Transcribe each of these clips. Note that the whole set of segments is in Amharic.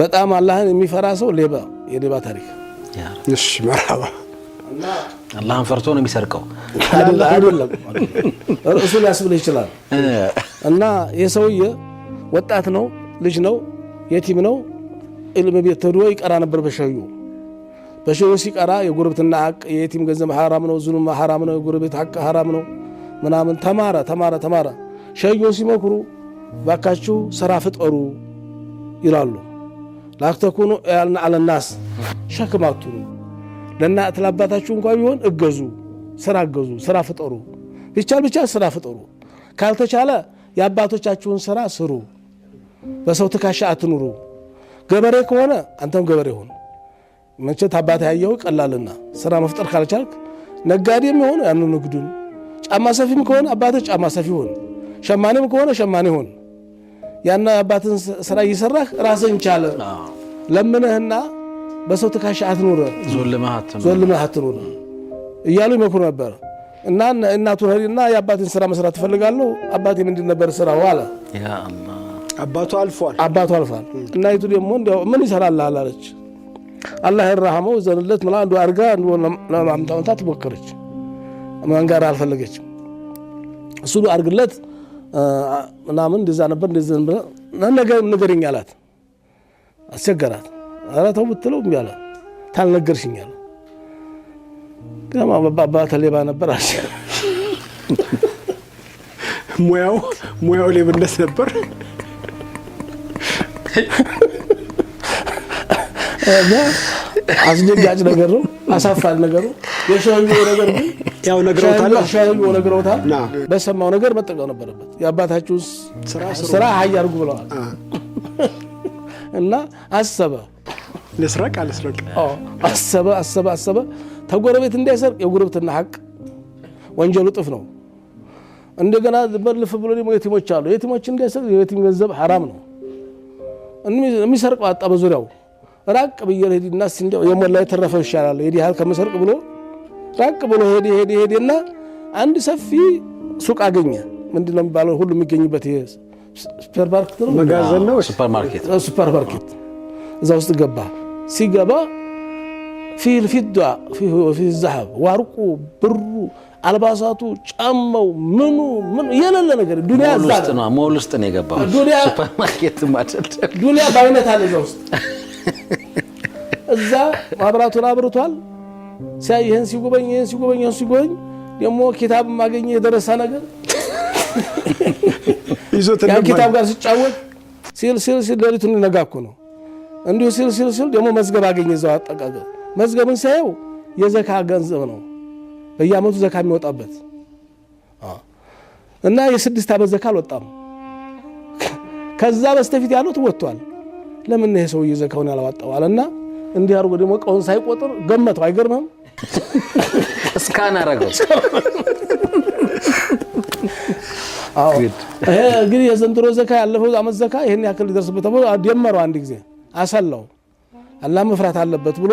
በጣም አላህን የሚፈራ ሰው ሌባ የሌባ ታሪክ እሺ፣ መርሐባ አላህን ፈርቶ ነው የሚሰርቀው አይደለም። ርዕሱ ሊያስብል ይችላል። እና የሰውዬ ወጣት ነው፣ ልጅ ነው፣ የቲም ነው። ኢልም ቤት ተድሮ ይቀራ ነበር በሸዩ በሸዩ ሲቀራ የጉርብትና ሀቅ የቲም ገንዘብ ሀራም ነው፣ ዙሉም ሀራም ነው፣ የጉርቤት ሐቅ ሀራም ነው ምናምን ተማረ ተማረ ተማረ። ሸዩ ሲመክሩ ባካችሁ ስራ ፍጠሩ ይላሉ። ላተኩኑ ያልና አለናስ ሸክም አትኑ። ለእናት ለአባታችሁ እንኳ ቢሆን እገዙ፣ ስራ እገዙ፣ ስራ ፍጠሩ። ቢቻል ብቻ ስራ ፍጠሩ። ካልተቻለ የአባቶቻችሁን ስራ ስሩ። በሰው ትካሻ አትኑሩ። ገበሬ ከሆነ አንተም ገበሬ ሁን። መቼ ታባት ያየው ቀላልና ስራ መፍጠር ካልቻልክ ነጋዴም የሆነ ያኑ ንግዱን ጫማ ሰፊም ከሆነ አባትህ ጫማ ሰፊ ሁን። ሸማኔም ከሆነ ሸማኔ ሁን። ያን አባትን ስራ እየሰራህ ራስን ቻለ ለምነህና በሰው ትካሻ አትኑር፣ ዞን ልመህ አትኑር እያሉ ይመክሩ ነበር። እና እናቱ እና የአባቴን ስራ መስራት ትፈልጋለሁ። አባቴ ምንድን ነበር ስራው አለ። አባቱ አልፏል፣ አባቱ አልፏል። እናይቱ ደግሞ ምን ይሰራል አላለች። አላህ ይራህመው ዘንለት ምላ አንዱ አርጋ ለማምጣውንታ ትሞክረች። ማን ጋር አልፈለገችም። እሱ አርግለት ምናምን እንደዛ ነበር እንደዚህ ነበር ንገረኝ አላት። አስቸገራት። ኧረ ተው ብትለው እምቢ አላት። ታልነገርሽኝ አለ። አባ ተሌባ ነበር አለ። ሙያው ሙያው ሌብነት ነበር። አስደንጋጭ ነገር ነው። አሳፋል ነገር ነው የሰውዬው ነገር ግን ያው ነግረውታል፣ ሻሂው ነግረውታል። በሰማው ነገር መጠቀም ነበረበት። የአባታችሁ ስራ ሀይ አድርጉ ብለዋል እና አሰበ ልስረቅ አልስረቅ አሰበ አሰበ አሰበ። ተጎረቤት እንዳይሰርቅ የጉርብትና ሀቅ ወንጀሉ ጥፍ ነው። እንደገና በልፍ ብሎ ደግሞ የቲሞች አሉ። የቲሞች እንዳይሰርቅ የቲም ገንዘብ ሐራም ነው። የሚሰርቅ አጣ በዙሪያው ራቅ ብዬ ልሂድና የሞላ የተረፈው ይሻላል የዲህል ከምሰርቅ ብሎ ራቅ ብሎ ሄደ ሄደ ሄደና አንድ ሰፊ ሱቅ አገኘ። ምንድን ነው የሚባለው? ሁሉ የሚገኝበት ሱፐርማርኬት ነው፣ መጋዘን ነው፣ ሱፐርማርኬት። እዛ ውስጥ ገባ። ሲገባ ፊል ፊዳ ፊ ዛሀብ ዋርቁ፣ ብሩ፣ አልባሳቱ፣ ጫማው፣ ምኑ ምኑ የሌለ ነገር ዱንያ ሞል ውስጥ ነው የገባው። ሱፐርማርኬት ዱንያ በአይነት አለ እዛ ውስጥ። እዛ ማብራቱን አብርቷል። ይህን ሲጎበኝ ይህን ሲጎበኝ ይህን ሲጎበኝ ደግሞ ኪታብ ማገኘ የደረሰ ነገር ያን ኪታብ ጋር ሲጫወት ሲል ሲል ሲል ሌሊቱን ነጋ እኮ ነው። እንዲሁ ሲል ሲል ሲል ደግሞ መዝገብ አገኘ እዛው አጠቃቀ መዝገብን ሳየው የዘካ ገንዘብ ነው፣ በየአመቱ ዘካ የሚወጣበት እና የስድስት ዓመት ዘካ አልወጣም። ከዛ በስተፊት ያሉት ወጥቷል። ለምን ይሄ ሰውዬ ዘካውን ያላወጣው አለና እንዲህ አድርጎ ደግሞ እቃውን ሳይቆጥር ገመተው። አይገርምም? እስካን አረገው። ይሄ እንግዲህ የዘንድሮ ዘካ ያለፈው ዓመት ዘካ ይህን ያክል ሊደርስበት ተብሎ ደመረው። አንድ ጊዜ አሰላው። አላህ መፍራት አለበት ብሎ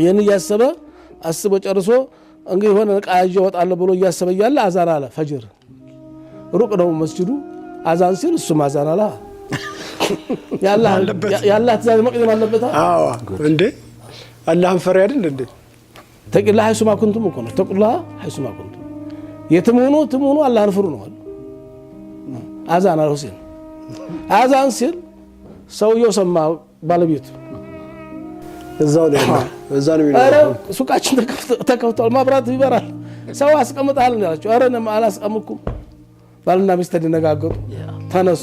ይህን እያሰበ አስቦ ጨርሶ እንግዲህ የሆነ ዕቃ ይዤ እወጣለሁ ብሎ እያሰበ እያለ አዛን አለ። ፈጅር ሩቅ ነው መስጂዱ። አዛን ሲል እሱም አዛን አለ። ያላህ ትእዛዝ መቅደም አለበት። አዎ እንዴ አላህን ፈሪ አይደል እንዴ? ተቂላ እኮ ነው። ተቁላ የትም ሆኖ ትም ሆኖ አላህን ፍሩ ነው አዛን ሲል አዛን ሲል ሰውየው ሰማ ባለቤቱ ሱቃችን ተከፍቷል፣ ማብራት ይበራል፣ ሰው አስቀምጣል ነው ያላቸው። አላስቀምኩም። ባልና ሚስት ተደነጋገጡ፣ ተነሱ።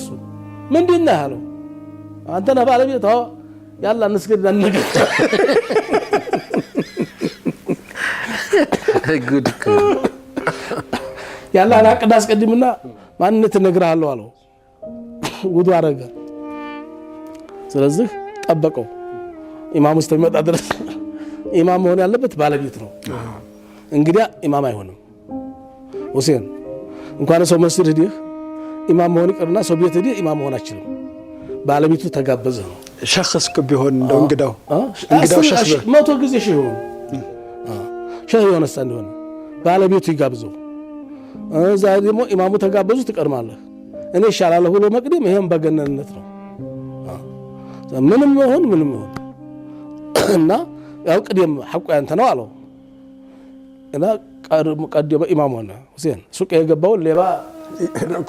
ምንድን ነው ያለው አንተ ነህ ባለቤቷ። ያላ እንስገድ ጉድ ያላ አቅድ አስቀድምና ማንነት እነግርሃለሁ አለው። ውዱ አረገ። ስለዚህ ጠበቀው። ኢማም ውስጥ የሚመጣ ድረስ ኢማም መሆን ያለበት ባለቤት ነው። እንግዲያ ኢማም አይሆንም። ሁሴን እንኳን ሰው መስድ ሂደህ ኢማም መሆን ይቅርና ሰው ቤት ሂደህ ኢማም መሆን አችልም። ባለቤቱ ተጋበዘ ነው። ሸኸስክ ቢሆን እንደው እንግዳው እንግዳው ሸክስ መቶ ጊዜ ሸህ ይሆኑ ሸህ የሆነሳ እንደሆነ ባለቤቱ ይጋብዘው። እዛ ደግሞ ኢማሙ ተጋበዙ፣ ትቀድማለህ። እኔ ይሻላለሁ ብሎ መቅደም ይሄም በገነንነት ነው። ምንም ይሁን ምንም ይሁን እና ያው ቅደም ሐቁ ያንተ ነው አለው እና ቀድሞ ቀደመ ኢማሙ ሆነ ሁሴን ሱቅ የገባውን ሌባ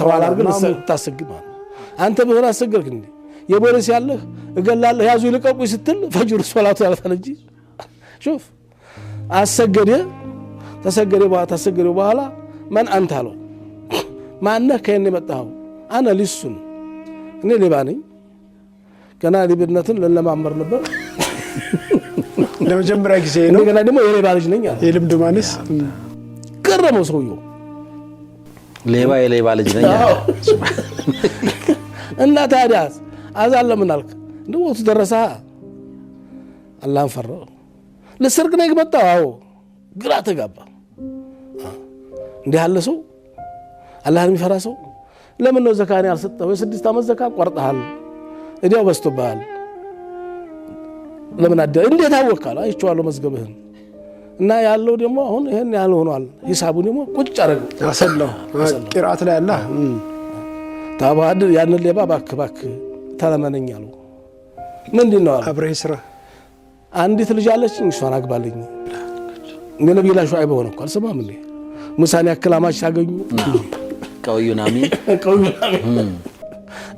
ተዋላ ግን ታሰግድ ማለት አንተ ብሆን አሰገድክ እንዴ? የቦርስ ያለህ እገላለህ ያዙ ይልቀቁ ስትል ፈጅር ሶላቱ ያልፋል እንጂ ሹፍ አሰገደ ተሰገደ በኋላ ተሰገደ በኋላ ማን አንተ አለው ማነህ ከየት ነው የመጣኸው አነ ሊሱን እኔ ሌባ ነኝ ገና ሌብነትን ልለማመር ነበር ለመጀመሪያ ጊዜ ነው ገና ደግሞ የሌባ ልጅ ነኝ አለ የልምድ ማንስ ቀረመው ሰውየው ሌባ የሌባ ልጅ ነኝ እና ታዲያስ አዛን ለምን አልክ? እንደ ወቱ ደረሳ አላህን ፈራው። ልሰርቅ ነው የመጣው። አዎ ግራ ተጋባ። እንዲህ ያለ ሰው አላህን የሚፈራ ሰው ለምን ነው ዘካን ያልሰጠው? የስድስት ዓመት ዘካ ቆርጠሃል፣ እዲያው በዝቶብሃል። ለምን አደ እንዴት አወቃል? አይቼዋለሁ መዝገብህን እና ያለው ደግሞ አሁን ይሄን ያህል ሆኗል። ሂሳቡን ደግሞ ቁጭ አረግ ሰላሁ ቂርአት ላይ አላ ታባድ ያንን ሌባ ባክ ባክ ተለመነኝ አሉ። ምንድን ነው አብረህ ስራ አንዲት ልጅ አለችኝ፣ እሷን አግባልኝ። የነቢላ ሹዐይብ ሆነ እኮ አልሰማም እንዴ? ሙሳን ያክል አማች ሲያገኙ ቀውዩን አሚን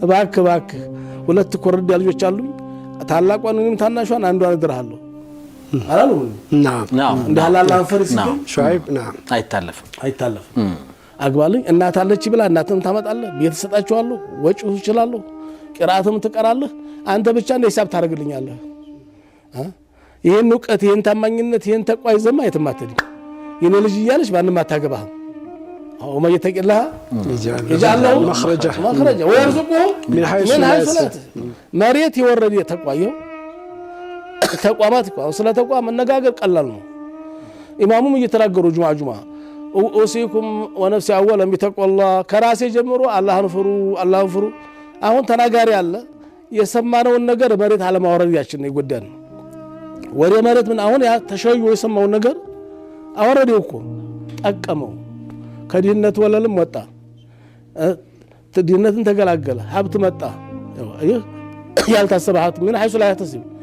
እባክህ እባክህ፣ ሁለት ኮረዳ ልጆች አሉኝ፣ ታላቋን ወይም ታናሿን አንዷን እድርሃለሁ አላሉ። እንደ አይታለፍም፣ አግባልኝ። እናት አለች ብላ እናትም ታመጣለህ፣ ቤት እሰጣችኋለሁ፣ ወጪ ይችላለሁ ቅራአትም ትቀራለህ። አንተ ብቻ እንደ ሂሳብ ታደርግልኛለህ። ይህን እውቀት፣ ይህን ታማኝነት፣ ይህን ተቋይ ዘማ የትም አትሄድም። የኔ ልጅ እያለች ማንም አታገባህም። ወመን የተቂላህ የጅዐል ለሁ መኽረጃ ወየርዙቅሁ ሚን ሐይሱ መሬት የወረድ ተቋየው ተቋማት ስለ ተቋም መነጋገር ቀላል ነው። ኢማሙም እየተናገሩ ጁማ ጁማ ኡሲኩም ወነፍሲ አወለ ቢተቅዋላህ ከራሴ ጀምሮ አላህን ፍሩ፣ አላህን ፍሩ አሁን ተናጋሪ አለ የሰማነውን ነገር መሬት አለማውረድ ያችን የጎዳን ወደ መሬት ምን አሁን ያ ተሸዩ የሰማውን ነገር አወረደው እኮ ጠቀመው። ከድህነት ወለልም ወጣ፣ ድህነትን ተገላገለ፣ ሀብት መጣ። ይህ ያልታሰበ ሀብት ምን ሐይሱ ላይ ያተስብ